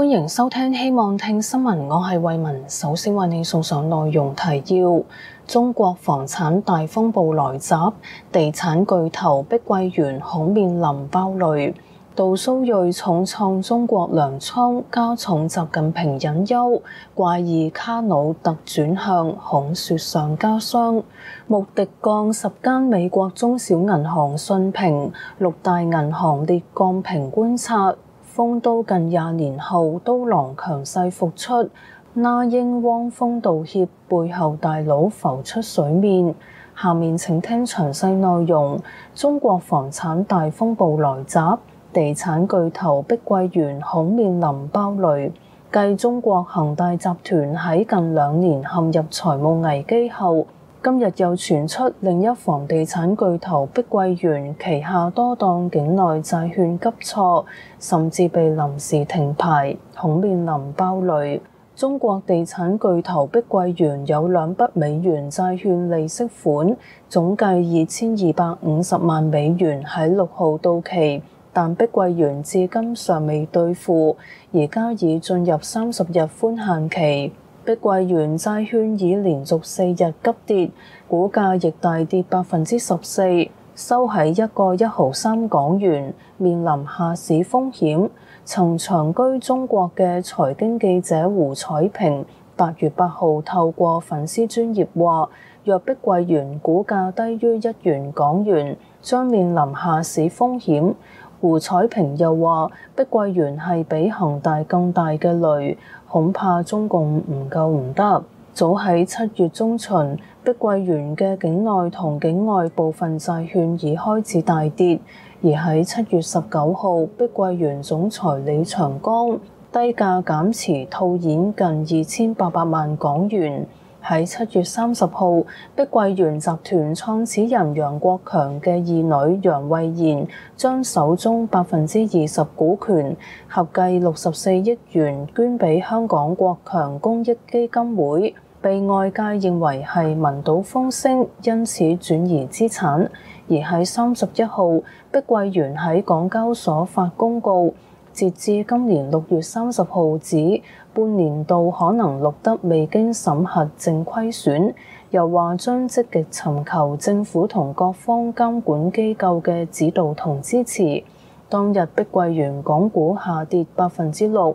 歡迎收聽，希望聽新聞，我係慧雯，首先為你送上內容提要：中國房產大風暴來襲，地產巨頭碧桂園恐面臨爆雷；杜蘇芮重創中國糧倉，加重習近平隱憂；怪異卡努突轉向恐雪上加霜；穆迪降十間美國中小銀行信評，六大銀行列降評觀察。封刀近廿年後刀郎強勢復出，那英汪峰道歉背後大佬浮出水面。下面請聽詳細內容：中國房產大風暴來襲，地產巨頭碧桂園恐面臨爆雷。繼中國恒大集團喺近兩年陷入財務危機後。今日又傳出另一房地產巨頭碧桂園旗下多檔境內債券急挫，甚至被臨時停牌，恐面臨爆雷。中國地產巨頭碧桂園有兩筆美元債券利息款總計二千二百五十萬美元喺六號到期，但碧桂園至今尚未兌付，而家已進入三十日寬限期。碧桂園債券已連續四日急跌，股價亦大跌百分之十四，收喺一個一毫三港元，面臨下市風險。曾長居中國嘅財經記者胡彩萍八月八號透過粉絲專頁話，若碧桂園股價低於一元港元，將面臨下市風險。胡彩萍又話：碧桂園係比恒大更大嘅雷。恐怕中共唔救唔得。早喺七月中旬，碧桂園嘅境內同境外部分債券已開始大跌，而喺七月十九號，碧桂園總裁李長江低價減持套現近二千八百萬港元。喺七月三十號，碧桂園集團創始人楊國強嘅二女楊惠妍將手中百分之二十股權，合計六十四億元捐俾香港國強公益基金會，被外界認為係聞到風聲，因此轉移資產。而喺三十一號，碧桂園喺港交所發公告。截至今年六月三十號止，半年度可能錄得未經審核正虧損，又話將積極尋求政府同各方監管機構嘅指導同支持。當日，碧桂園港股下跌百分之六，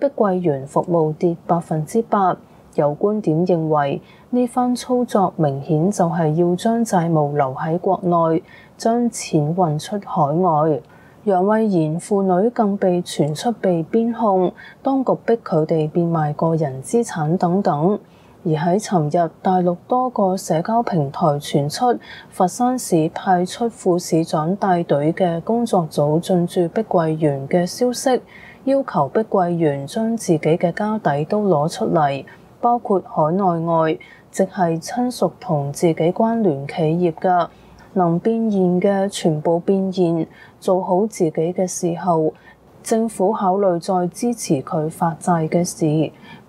碧桂園服務跌百分之八。有觀點認為，呢番操作明顯就係要將債務留喺國內，將錢運出海外。楊惠妍父女更被傳出被邊控，當局逼佢哋變賣個人資產等等。而喺尋日，大陸多個社交平台傳出佛山市派出副市長帶隊嘅工作組進駐碧桂園嘅消息，要求碧桂園將自己嘅家底都攞出嚟，包括海內外，即係親屬同自己關聯企業噶。能變現嘅全部變現，做好自己嘅時候，政府考慮再支持佢發債嘅事。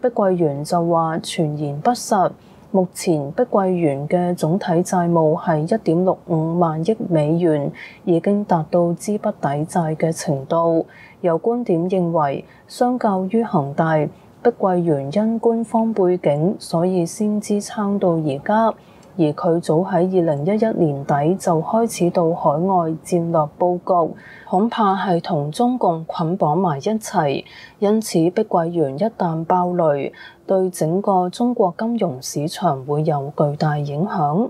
碧桂園就話傳言不實，目前碧桂園嘅總體債務係一點六五萬億美元，已經達到資不抵債嘅程度。有觀點認為，相較於恒大，碧桂園因官方背景，所以先支撐到而家。而佢早喺二零一一年底就開始到海外戰略布局，恐怕係同中共捆綁埋一齊，因此碧桂園一旦爆雷，對整個中國金融市場會有巨大影響。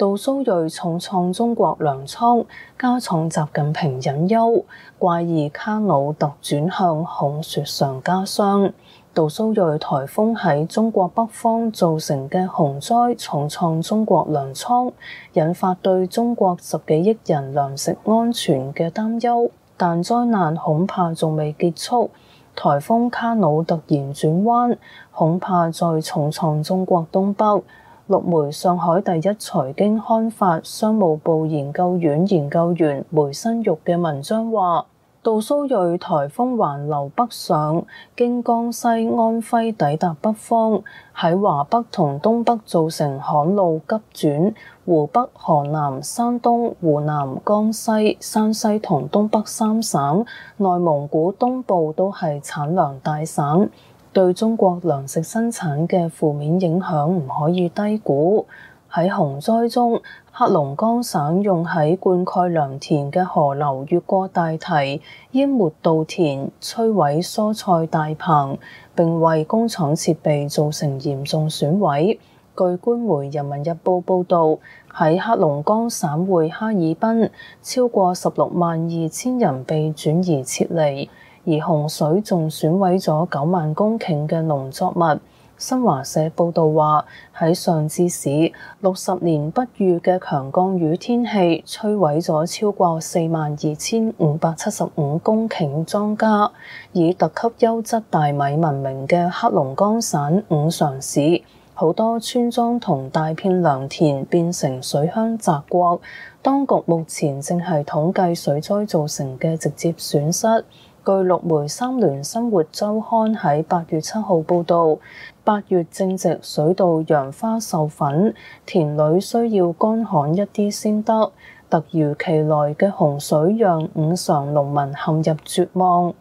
杜蘇芮重創中國糧倉，加重習近平隱憂。怪異卡努突轉向，恐雪上加霜。杜蘇芮颱風喺中國北方造成嘅洪災重創中國糧倉，引發對中國十幾億人糧食安全嘅擔憂。但災難恐怕仲未結束，颱風卡努突然轉彎，恐怕再重創中國東北。陸媒上海第一財經刊發，商務部研究院研究員梅新玉嘅文章話：杜蘇芮颱風環流北上，經江西、安徽抵達北方，喺華北同東北造成旱路急轉。湖北、河南、山東、湖南、江西、山西同東北三省、內蒙古東部都係產糧大省。對中國糧食生產嘅負面影響唔可以低估。喺洪災中，黑龍江省用喺灌溉良田嘅河流越過大堤，淹沒稻田、摧毀蔬菜大棚，並為工廠設備造成嚴重損毀。據官媒《人民日報》報導，喺黑龍江省會哈爾濱，超過十六萬二千人被轉移撤離。而洪水仲損毀咗九萬公頃嘅農作物。新華社報導話，喺尚志市六十年不遇嘅強降雨天氣摧毀咗超過四萬二千五百七十五公頃莊稼。以特級優質大米聞名嘅黑龍江省五常市，好多村莊同大片良田變成水鄉澤國。當局目前正係統計水災造成嘅直接損失。據《陸媒三聯生活週刊》喺八月七號報導，八月正值水稻揚花授粉，田裏需要乾旱一啲先得。突如其來嘅洪水，讓五常農民陷入絕望。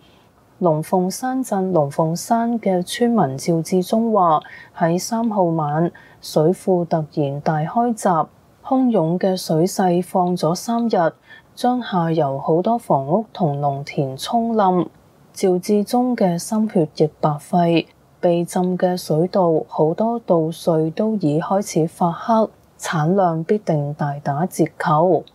龍鳳山鎮龍鳳山嘅村民趙志忠話：喺三號晚，水庫突然大開閘，洶湧嘅水勢放咗三日。將下游好多房屋同農田沖冧，趙志忠嘅心血亦白費。被浸嘅水稻，好多稻穗都已開始發黑，產量必定大打折扣。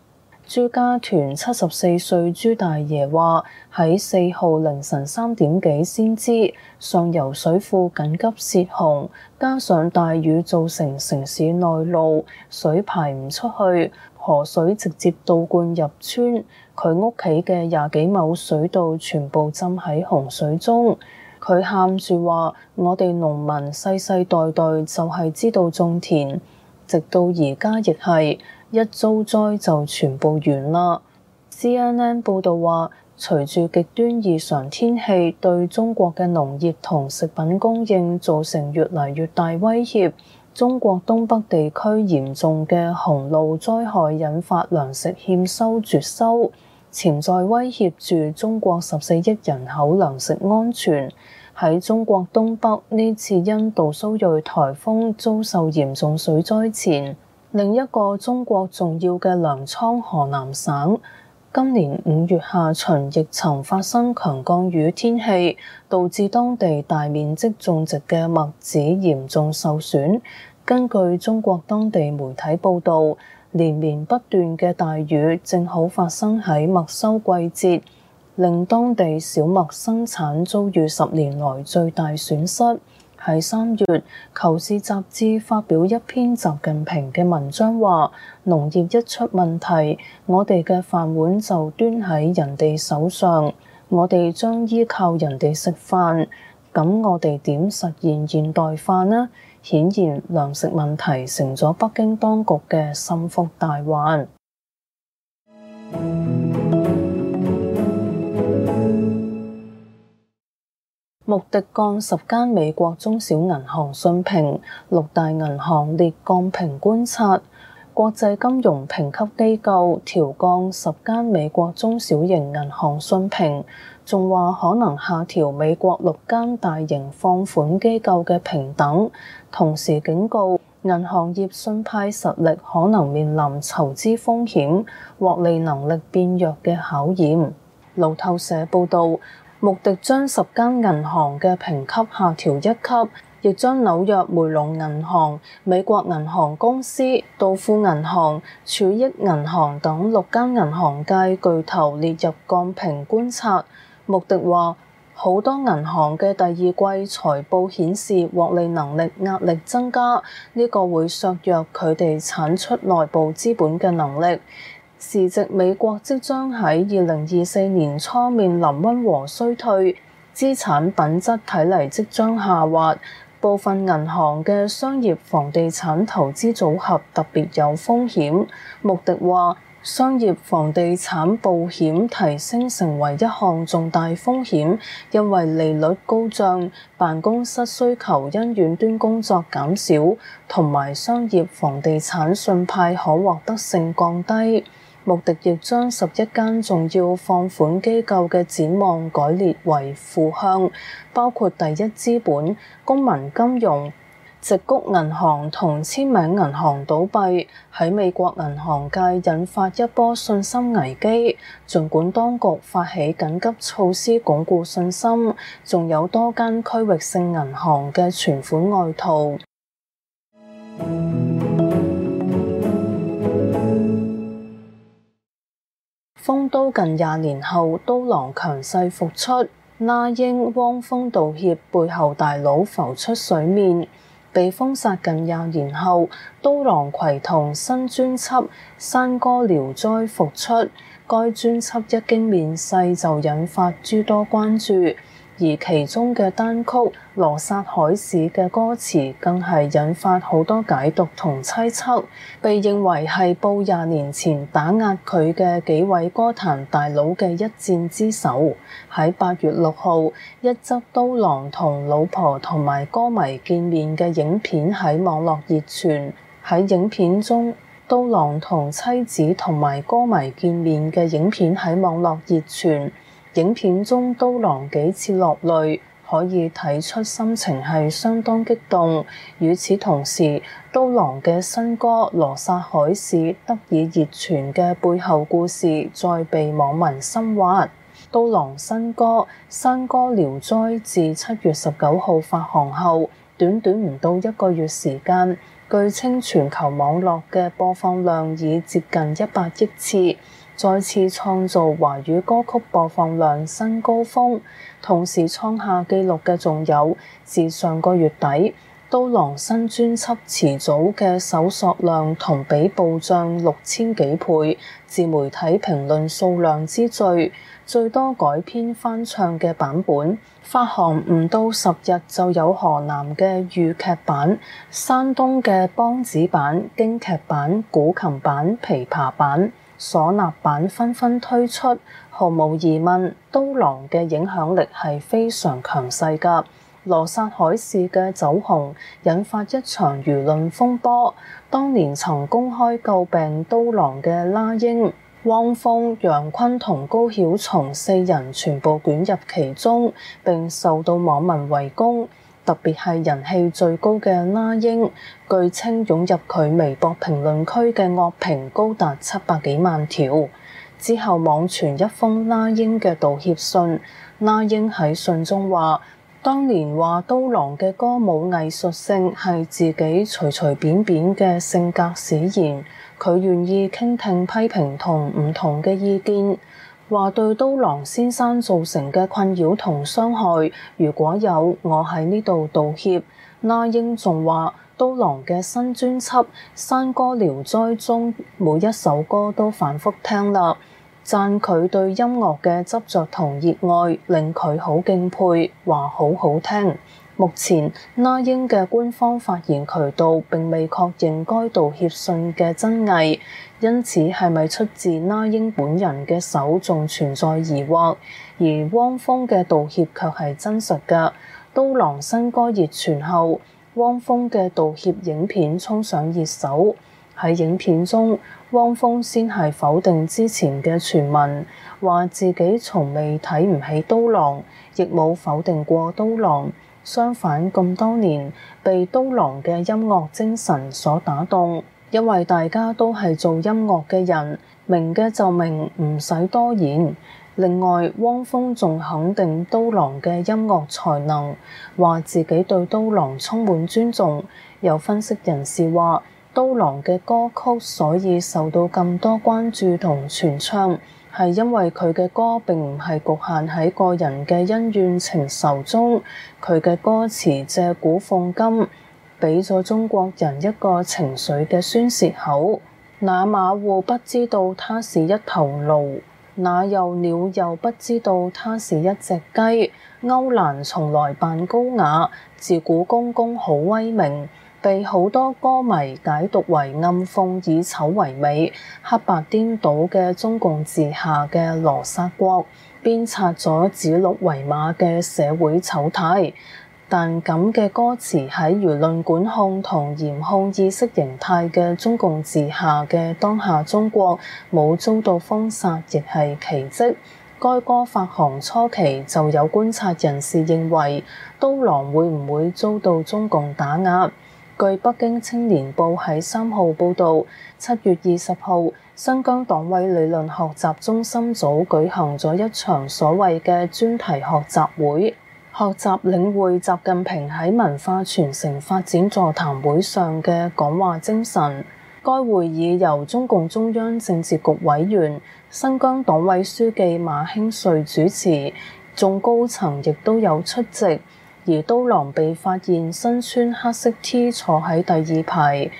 朱家屯七十四歲朱大爺話：喺四號凌晨三點幾先知上游水庫緊急泄洪，加上大雨造成城市內澇，水排唔出去。河水直接倒灌入村，佢屋企嘅廿幾畝水稻全部浸喺洪水中。佢喊住話：我哋農民世世代代就係知道種田，直到而家亦係一遭災就全部完啦。CNN 報道話，隨住極端異常天氣對中國嘅農業同食品供應造成越嚟越大威脅。中國東北地區嚴重嘅洪澇災害引發糧食欠收、絕收，潛在威脅住中國十四億人口糧食安全。喺中國東北呢次因杜蘇芮台風遭受嚴重水災前，另一個中國重要嘅糧倉河南省。今年五月下旬，亦曾發生強降雨天氣，導致當地大面積種植嘅麥子嚴重受損。根據中國當地媒體報導，連綿不斷嘅大雨正好發生喺麥收季節，令當地小麥生產遭遇十年來最大損失。喺三月，《求是》雜誌發表一篇習近平嘅文章，話農業一出問題，我哋嘅飯碗就端喺人哋手上，我哋將依靠人哋食飯，咁我哋點實現現代化呢？顯然糧食問題成咗北京當局嘅心腹大患。穆迪降十間美國中小銀行信評，六大銀行列降評觀察，國際金融評級機構調降十間美國中小型銀行信評，仲話可能下調美國六間大型放款機構嘅評等，同時警告銀行業信貸實力可能面臨籌資風險、獲利能力變弱嘅考驗。路透社報道。穆迪將十間銀行嘅評級下調一級，亦將紐約梅隆銀行、美國銀行公司、道富銀行、儲益銀行等六間銀行界巨頭列入降評觀察。穆迪話：好多銀行嘅第二季財報顯示，獲利能力壓力增加，呢個會削弱佢哋產出內部資本嘅能力。時值美國即將喺二零二四年初面臨溫和衰退，資產品質睇嚟即將下滑，部分銀行嘅商業房地產投資組合特別有風險。穆迪話：商業房地產保險提升成為一項重大風險，因為利率高漲、辦公室需求因遠端工作減少，同埋商業房地產信貸可獲得性降低。穆迪亦將十一間重要放款機構嘅展望改列為負向，包括第一資本、公民金融、矽谷銀行同簽名銀行倒閉，喺美國銀行界引發一波信心危機。儘管當局發起緊急措施鞏固信心，仲有多間區域性銀行嘅存款外逃。都近廿年後，刀郎強勢復出，那英、汪峰道歉，背後大佬浮出水面，被封殺近廿年後，刀郎攜同新專輯《山歌寥哉》復出，該專輯一經面世就引發諸多關注。而其中嘅單曲《羅剎海市》嘅歌詞，更係引發好多解讀同猜測，被認為係報廿年前打壓佢嘅幾位歌壇大佬嘅一戰之首。喺八月六號，一則刀郎同老婆同埋歌迷見面嘅影片喺網絡熱傳。喺影片中，刀郎同妻子同埋歌迷見面嘅影片喺網絡熱傳。影片中刀郎幾次落淚，可以睇出心情係相當激動。與此同時，刀郎嘅新歌《羅剎海市》得以熱傳嘅背後故事，再被網民深挖。刀郎新歌《山歌寥哉》自七月十九號發行後，短短唔到一個月時間，據稱全球網絡嘅播放量已接近一百億次。再次創造華語歌曲播放量新高峰，同時創下紀錄嘅仲有自上個月底刀郎新專輯遲早嘅搜索量同比暴漲六千幾倍，自媒體評論數量之最，最多改編翻唱嘅版本發行唔到十日就有河南嘅豫劇版、山東嘅梆子版、京劇版、古琴版、琵琶版。嗩吶版紛紛推出，毫無疑問，刀郎嘅影響力係非常強勢㗎。羅剎海市嘅走紅，引發一場輿論風波。當年曾公開詬病刀郎嘅那英、汪峰、楊坤同高曉松四人全部捲入其中，並受到網民圍攻。特別係人氣最高嘅那英，據稱湧入佢微博評論區嘅惡評高達七百幾萬條。之後網傳一封那英嘅道歉信，那英喺信中話：當年話刀郎嘅歌舞藝術性係自己隨隨便便嘅性格使然，佢願意傾聽批評同唔同嘅意見。話對刀郎先生造成嘅困擾同傷害，如果有我喺呢度道歉。那英仲話，刀郎嘅新專輯《山歌聊齋》中每一首歌都反覆聽啦，讚佢對音樂嘅執著同熱愛，令佢好敬佩，話好好聽。目前，那英嘅官方發言渠道並未確認該道歉信嘅真偽，因此係咪出自那英本人嘅手，仲存在疑惑。而汪峰嘅道歉卻係真實嘅。刀郎新歌熱傳後，汪峰嘅道歉影片衝上熱搜。喺影片中，汪峰先係否定之前嘅傳聞，話自己從未睇唔起刀郎，亦冇否定過刀郎。相反，咁多年被刀郎嘅音樂精神所打動，因為大家都係做音樂嘅人，明嘅就明，唔使多言。另外，汪峰仲肯定刀郎嘅音樂才能，話自己對刀郎充滿尊重。有分析人士話，刀郎嘅歌曲所以受到咁多關注同傳唱，係因為佢嘅歌並唔係局限喺個人嘅恩怨情仇中，佢嘅歌詞借古奉今，俾咗中國人一個情緒嘅宣泄口。那馬戶不知道它是一頭驢，那又鳥又不知道它是一隻雞。勾欄從來扮高雅，自古公公好威名。被好多歌迷解讀為暗諷以醜為美、黑白顛倒嘅中共治下嘅羅剎國，鞭策咗指鹿為馬嘅社會醜態。但咁嘅歌詞喺輿論管控同嚴控意識形態嘅中共治下嘅當下中國，冇遭到封殺亦係奇蹟。該歌發行初期就有觀察人士認為，刀郎會唔會遭到中共打壓？據《北京青年報》喺三號報道，七月二十號，新疆黨委理論學習中心組舉行咗一場所謂嘅專題學習會，學習領會習近平喺文化傳承發展座談會上嘅講話精神。該會議由中共中央政治局委員、新疆黨委書記馬興瑞主持，眾高層亦都有出席。而刀郎被發現身穿黑色 T 坐喺第二排，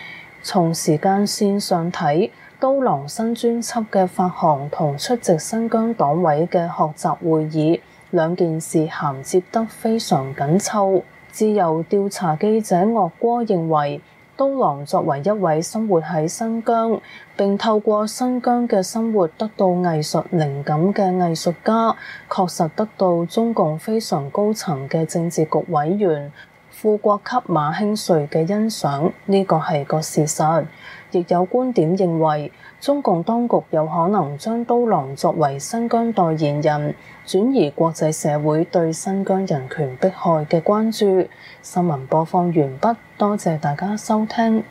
從時間線上睇，刀郎新專輯嘅發行同出席新疆黨委嘅學習會議兩件事銜接得非常緊湊。自由調查記者岳哥認為。刀郎作為一位生活喺新疆，並透過新疆嘅生活得到藝術靈感嘅藝術家，確實得到中共非常高層嘅政治局委員、副國級馬興瑞嘅欣賞，呢個係個事實。亦有觀點認為。中共當局有可能將刀郎作為新疆代言人，轉移國際社會對新疆人權迫害嘅關注。新聞播放完畢，多謝大家收聽。